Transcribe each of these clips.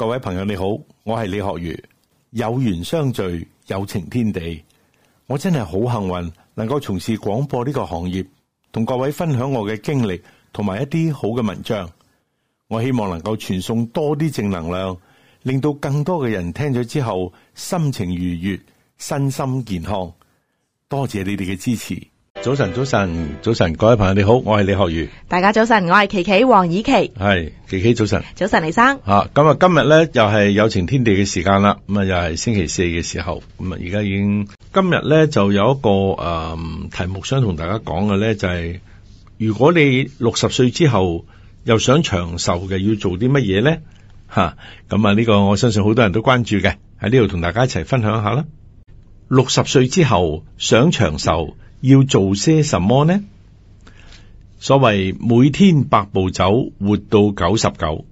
各位朋友你好，我係李學儒，有緣相聚，有情天地，我真係好幸運，能夠從事廣播呢個行業，同各位分享我嘅經歷，同埋一啲好嘅文章，我希望能夠傳送多啲正能量，令到更多嘅人聽咗之後心情愉悅，身心健康。多謝你哋嘅支持。早晨，早晨，早晨，各位朋友你好，我係李學儒。大家早晨，我係琪琪黃綺琪，係琪琪。早晨，早晨李生吓。咁啊，今日咧，又係有情天地嘅時間啦。咁啊，又係星期四嘅時候，咁啊，而家已經今日咧，就有一個誒、嗯、題目，想同大家講嘅咧就係、是、如果你六十歲之後又想長壽嘅，要做啲乜嘢咧吓？咁啊，呢個我相信好多人都關注嘅，喺呢度，同大家一齊分享一下啦。六十歲之後想長壽。要做些什麼呢？所謂每天百步走，活到九十九。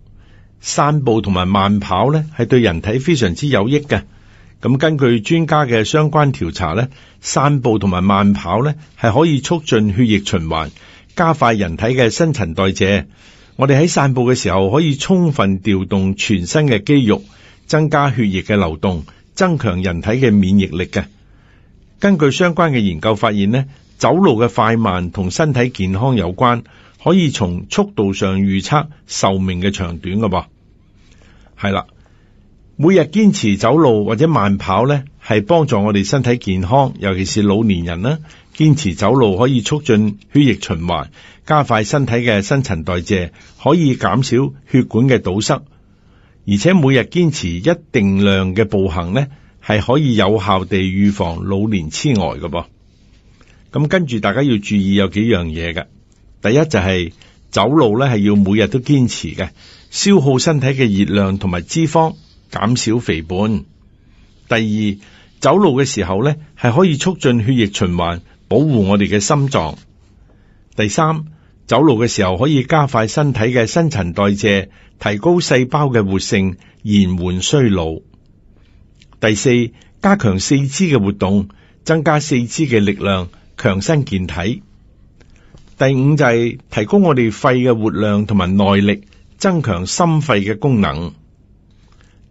散步同埋慢跑呢，係對人體非常之有益嘅。咁根據專家嘅相關調查呢，散步同埋慢跑呢，係可以促進血液循環，加快人體嘅新陳代謝。我哋喺散步嘅時候，可以充分調動全身嘅肌肉，增加血液嘅流動，增強人體嘅免疫力嘅。根據相關嘅研究發現呢，走路嘅快慢同身體健康有關，可以從速度上預測壽命嘅長短噶噃。係啦，每日堅持走路或者慢跑呢，係幫助我哋身體健康，尤其是老年人啦。堅持走路可以促進血液循環，加快身體嘅新陳代謝，可以減少血管嘅堵塞，而且每日堅持一定量嘅步行呢。係可以有效地預防老年癡呆噶噃，咁跟住大家要注意有幾樣嘢嘅。第一就係、是、走路咧，係要每日都堅持嘅，消耗身體嘅熱量同埋脂肪，減少肥胖。第二，走路嘅時候咧，係可以促進血液循環，保護我哋嘅心臟。第三，走路嘅時候可以加快身體嘅新陳代謝，提高細胞嘅活性，延緩衰老。第四，加強四肢嘅活動，增加四肢嘅力量，強身健體。第五就係、是、提高我哋肺嘅活量同埋耐力，增強心肺嘅功能。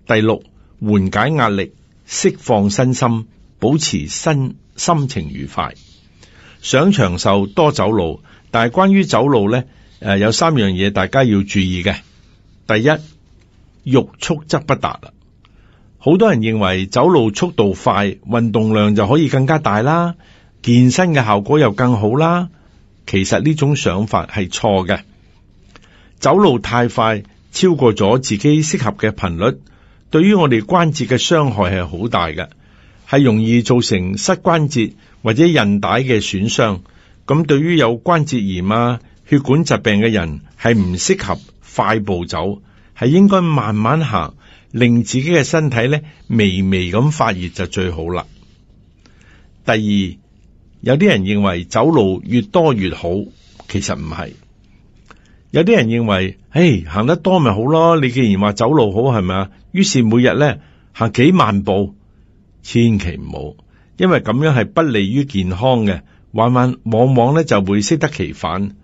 第六，緩解壓力，釋放身心，保持身心情愉快。想長壽，多走路。但係關於走路呢，誒，有三樣嘢大家要注意嘅。第一，欲速則不達。好多人認為走路速度快，運動量就可以更加大啦，健身嘅效果又更好啦。其實呢種想法係錯嘅。走路太快，超過咗自己適合嘅頻率，對於我哋關節嘅傷害係好大嘅，係容易造成膝關節或者韌帶嘅損傷。咁對於有關節炎啊、血管疾病嘅人，係唔適合快步走，係應該慢慢行。令自己嘅身體咧微微咁發熱就最好啦。第二，有啲人認為走路越多越好，其實唔係。有啲人認為，誒行得多咪好咯？你既然話走路好係咪啊？於是每日咧行幾萬步，千祈唔好，因為咁樣係不利於健康嘅，彎彎往往咧就會適得其反。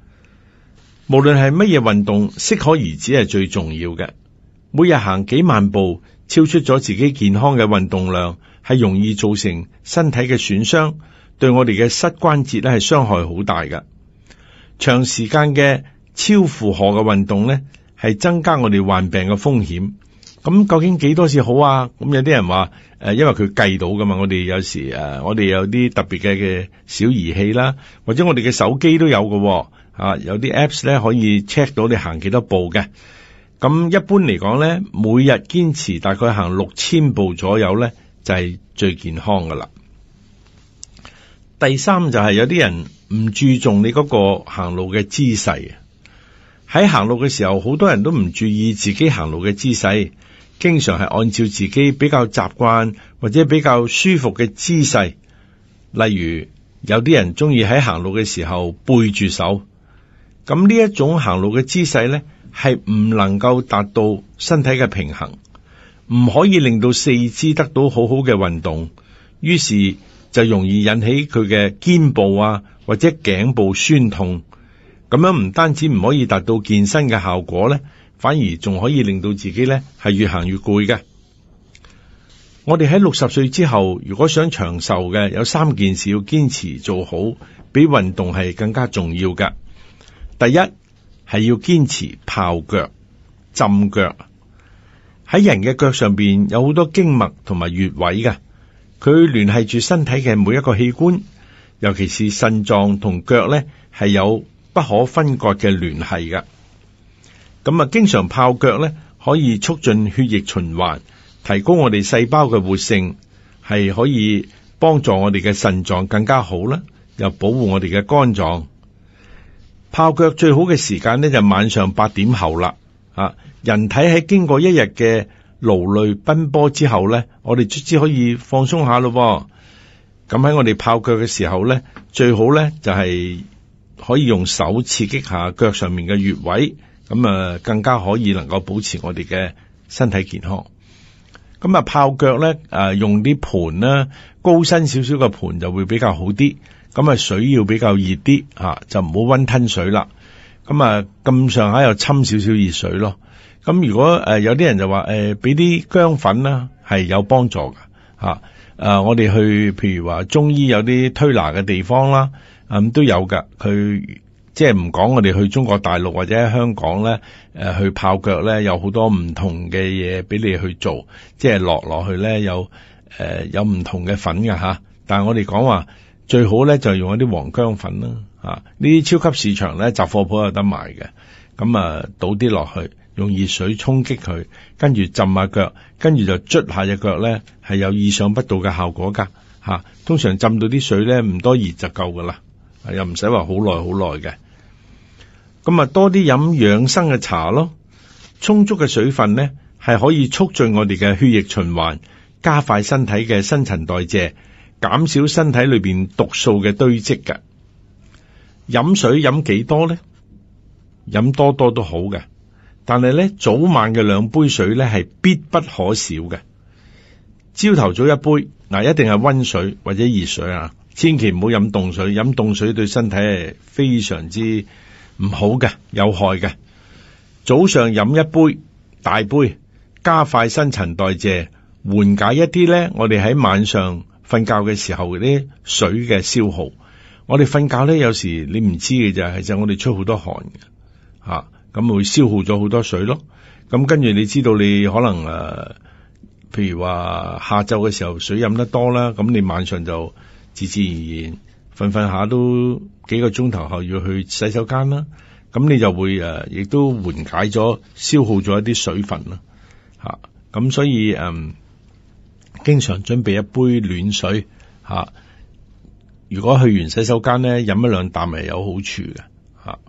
無論係乜嘢運動，適可而止係最重要嘅。每日行幾萬步，超出咗自己健康嘅運動量，係容易造成身體嘅損傷，對我哋嘅膝關節咧係傷害好大㗎。長時間嘅超負荷嘅運動呢，係增加我哋患病嘅風險。咁、嗯、究竟幾多次好啊？咁、嗯、有啲人話誒、呃，因為佢計到噶嘛，我哋有時誒、呃，我哋有啲特別嘅嘅小儀器啦，或者我哋嘅手機都有㗎、啊，啊，有啲 apps 咧可以 check 到你行幾多步嘅。咁一般嚟講呢，每日堅持大概行六千步左右呢，就係最健康噶啦。第三就係有啲人唔注重你嗰個行路嘅姿勢，喺行路嘅時候，好多人都唔注意自己行路嘅姿勢，經常係按照自己比較習慣或者比較舒服嘅姿勢。例如，有啲人中意喺行路嘅時候背住手，咁呢一種行路嘅姿勢呢，係唔能夠達到身體嘅平衡，唔可以令到四肢得到好好嘅運動，於是就容易引起佢嘅肩部啊或者頸部酸痛。咁樣唔單止唔可以達到健身嘅效果呢，反而仲可以令到自己呢係越行越攰嘅。我哋喺六十歲之後，如果想長壽嘅，有三件事要堅持做好，比運動係更加重要㗎。第一。係要堅持泡腳、浸腳，喺人嘅腳上邊有好多經脈同埋穴位噶，佢聯繫住身體嘅每一個器官，尤其是腎臟同腳呢，係有不可分割嘅聯繫噶。咁啊，經常泡腳呢，可以促進血液循環，提高我哋細胞嘅活性，係可以幫助我哋嘅腎臟更加好啦，又保護我哋嘅肝臟。泡腳最好嘅時間呢，就係、晚上八點後啦，啊，人體喺經過一日嘅勞累奔波之後呢，我哋只可以放鬆下咯、哦。咁喺我哋泡腳嘅時候呢，最好呢就係、是、可以用手刺激下腳上面嘅穴位，咁啊更加可以能夠保持我哋嘅身體健康。咁啊泡腳呢，誒、啊、用啲盆啦，高身少少嘅盆就會比較好啲。咁啊，水要比較熱啲嚇、啊，就唔好溫吞水啦。咁啊，咁上下又浸少少熱水咯。咁、啊、如果誒、呃、有啲人就話誒，俾啲薑粉啦係有幫助嘅嚇。誒、啊啊，我哋去譬如話中醫有啲推拿嘅地方啦，咁、啊、都有㗎。佢即係唔講我哋去中國大陸或者香港咧誒、啊、去泡腳咧，有好多唔同嘅嘢俾你去做，即係落落去咧有誒、啊、有唔同嘅粉嘅嚇、啊。但係我哋講話。最好咧就是，用一啲黃薑粉啦，啊呢啲超級市場咧雜貨鋪有得賣嘅，咁啊倒啲落去，用熱水沖擊佢，跟住浸下腳，跟住就捽下隻腳咧係有意想不到嘅效果噶吓、啊。通常浸到啲水咧唔多熱就夠噶啦，又唔使話好耐好耐嘅。咁啊多啲飲養生嘅茶咯，充足嘅水分咧係可以促進我哋嘅血液循環，加快身體嘅新陳代謝。減少身體裏邊毒素嘅堆積噶，飲水飲幾多咧？飲多多都好嘅，但係咧早晚嘅兩杯水咧係必不可少嘅。朝頭早一杯嗱，一定係温水或者熱水啊，千祈唔好飲凍水。飲凍水對身體係非常之唔好嘅，有害嘅。早上飲一杯大杯，加快新陳代謝，緩解一啲咧。我哋喺晚上。瞓覺嘅時候啲水嘅消耗，我哋瞓覺咧有時你唔知嘅就係、是啊、就我哋出好多汗嘅，吓，咁會消耗咗好多水咯。咁、啊、跟住，你知道你可能誒、啊，譬如話下晝嘅時候水飲得多啦，咁、啊、你晚上就自自然然瞓瞓下都幾個鐘頭後要去洗手間啦，咁、啊、你就會誒亦、啊、都緩解咗消耗咗一啲水分啦，吓、啊、咁、啊啊、所以嗯。經常準備一杯暖水，吓、啊，如果去完洗手間呢，飲一兩啖係有好處嘅，吓、啊。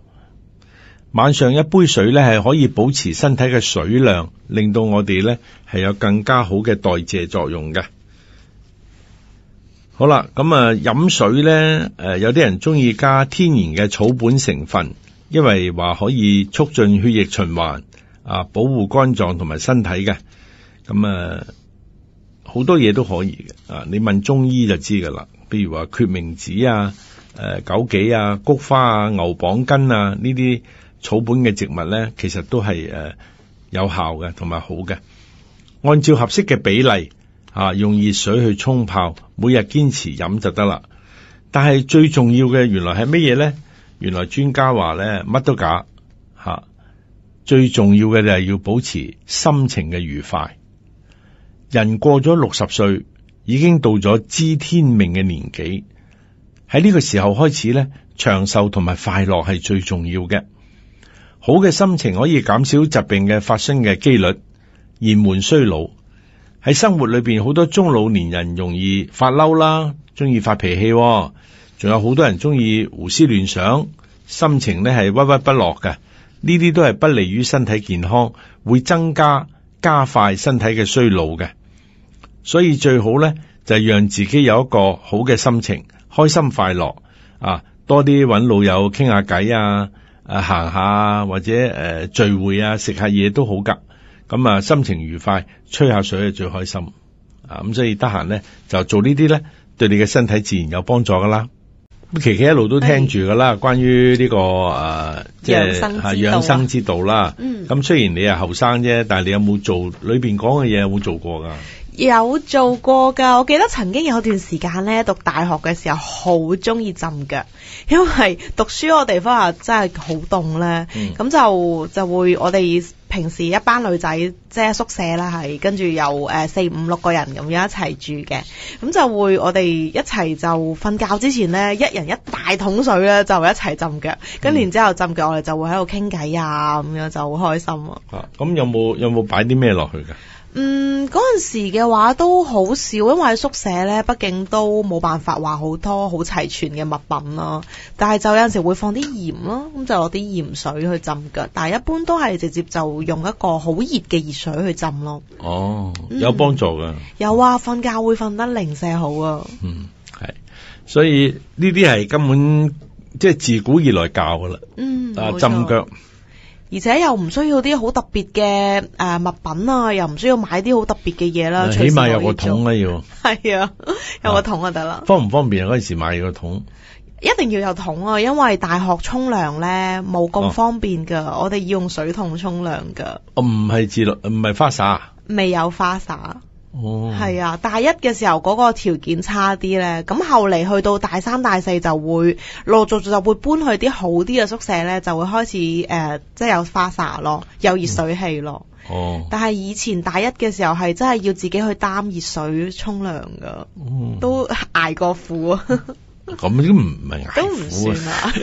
晚上一杯水呢，係可以保持身體嘅水量，令到我哋呢係有更加好嘅代謝作用嘅。好啦，咁、嗯、啊，飲水呢，誒，有啲人中意加天然嘅草本成分，因為話可以促進血液循環，啊，保護肝臟同埋身體嘅，咁、嗯、啊。好多嘢都可以嘅，啊！你問中醫就知噶啦，譬如話決明子啊、誒、呃、枸杞啊、菊花啊、牛蒡根啊呢啲草本嘅植物咧，其實都係誒、呃、有效嘅同埋好嘅。按照合適嘅比例啊，用熱水去沖泡，每日堅持飲就得啦。但係最重要嘅原來係乜嘢咧？原來專家話咧，乜都假嚇、啊，最重要嘅就係要保持心情嘅愉快。人過咗六十歲，已經到咗知天命嘅年紀。喺呢個時候開始咧，長壽同埋快樂係最重要嘅。好嘅心情可以減少疾病嘅發生嘅幾率，延緩衰老。喺生活裏邊，好多中老年人容易發嬲啦，中意發脾氣，仲有好多人中意胡思亂想，心情呢係屈屈不樂嘅。呢啲都係不利於身體健康，會增加加快身體嘅衰老嘅。所以最好咧，就係，讓自己有一個好嘅心情，開心快樂啊！多啲揾老友傾下偈啊，誒、啊、行下或者誒、呃、聚會啊，食下嘢，都好噶。咁啊，心情愉快，吹下水係最開心啊！咁所以得閒咧就做呢啲咧，對你嘅身體自然有幫助噶啦。琪琪一路都聽住噶啦，哎、關於呢、呢個誒、呃、即係養生之道啦、啊。咁、啊嗯啊、雖然你係後生啫，但係你有冇做裏邊講嘅嘢有冇做過噶？有做過噶，我記得曾經有段時間咧，讀大學嘅時候好中意浸腳，因為讀書個地方啊真係好凍咧。咁、嗯、就就會我哋平時一班女仔即係宿舍啦，係跟住有誒四五六個人咁樣一齊住嘅，咁就會我哋一齊就瞓覺之前咧，一人一大桶水咧，就一齊浸腳，嗯、跟住之後浸腳我哋就會喺度傾偈啊，咁樣就好開心啊。咁、啊、有冇有冇擺啲咩落去嘅？嗯，嗰陣時嘅話都好少，因為喺宿舍咧，畢竟都冇辦法話好多好齊全嘅物品咯。但係就有陣時會放啲鹽咯，咁就攞啲鹽水去浸腳。但係一般都係直接就用一個好熱嘅熱水去浸咯。哦，有幫助噶、嗯。有啊，瞓覺會瞓得零舍好啊。嗯，係，所以呢啲係根本即係、就是、自古以來教噶啦。嗯，浸腳。而且又唔需要啲好特別嘅誒、呃、物品啊，又唔需要買啲好特別嘅嘢啦。啊、起碼有個桶啦，要係啊， 有個桶就得啦、啊。方唔方便啊？嗰陣時買個桶，一定要有桶啊，因為大學沖涼咧冇咁方便噶，啊、我哋要用水桶沖涼噶。哦、啊，唔係自來，唔係花灑，未有花灑。哦，係啊，大一嘅時候嗰個條件差啲咧，咁後嚟去到大三大四就會陸續續就會搬去啲好啲嘅宿舍咧，就會開始誒、呃，即係有花灑咯，有熱水器咯、嗯。哦。但係以前大一嘅時候係真係要自己去擔熱水沖涼噶，哦、都挨過苦啊。咁都唔係挨苦啊，都唔算啊，啊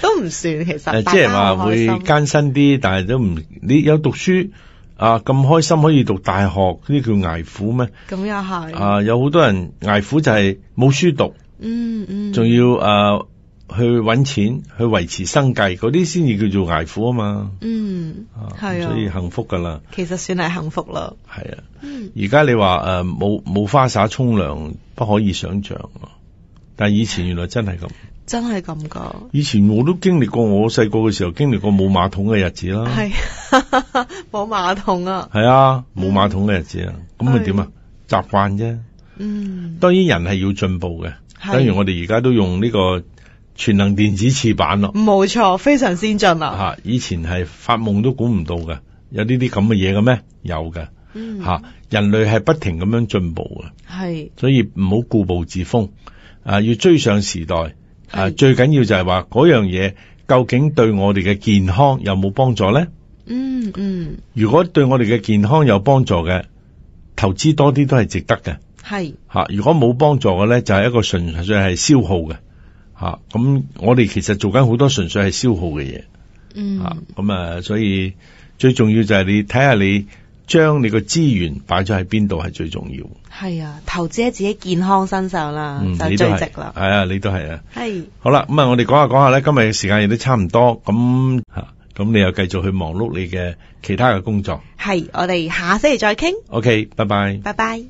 都唔算， 都唔算。其實大家開心。艱辛啲，但係都唔，你有讀書。啊！咁開心可以讀大學，呢啲叫捱苦咩？咁又係啊！有好多人捱苦就係冇書讀，嗯嗯，仲要啊去搵錢去維持生計，嗰啲先至叫做捱苦啊嘛。嗯，係啊，所以幸福噶啦，其實算係幸福啦。係啊，而家、嗯、你話誒冇冇花灑沖涼，不可以想象，但係以前原來真係咁。 真係咁㗎，以前我都經歷過。我細個嘅時候經歷過冇馬桶嘅日子啦，係冇、啊、 馬桶啊，係啊，冇馬桶嘅日子、嗯、啊。咁啊點啊？習慣啫。嗯，當然人係要進步嘅。當然、嗯、我哋而家都用呢個全能電子廁板咯。冇錯，非常先進啊。吓，以前係發夢都估唔到嘅，有呢啲咁嘅嘢嘅咩？有嘅吓、嗯啊，人類係不停咁樣進步嘅，係、嗯、是所以唔好固步自封啊！要追上時代。啊，是最緊要就係話嗰樣嘢，究竟對我哋嘅健康有冇幫助呢？嗯嗯，嗯，如果對我哋嘅健康有幫助嘅，投資多啲都係值得嘅。係吓是、啊，如果冇幫助嘅呢，就係、是、一個純粹係消耗嘅吓。咁、啊、我哋其實做緊好多純粹係消耗嘅嘢。嗯吓，咁啊，啊，所以最重要就係你睇下你。將你個資源擺咗喺邊度係最重要。係啊，投資喺自己健康身上啦，嗯、就最值啦。係啊，你都係啊。係是。好啦，咁啊，我哋講下講下咧，今日嘅時間亦都差唔多，咁吓，咁你又繼續去忙碌你嘅其他嘅工作。係，我哋下星期再傾。OK，拜拜。拜拜。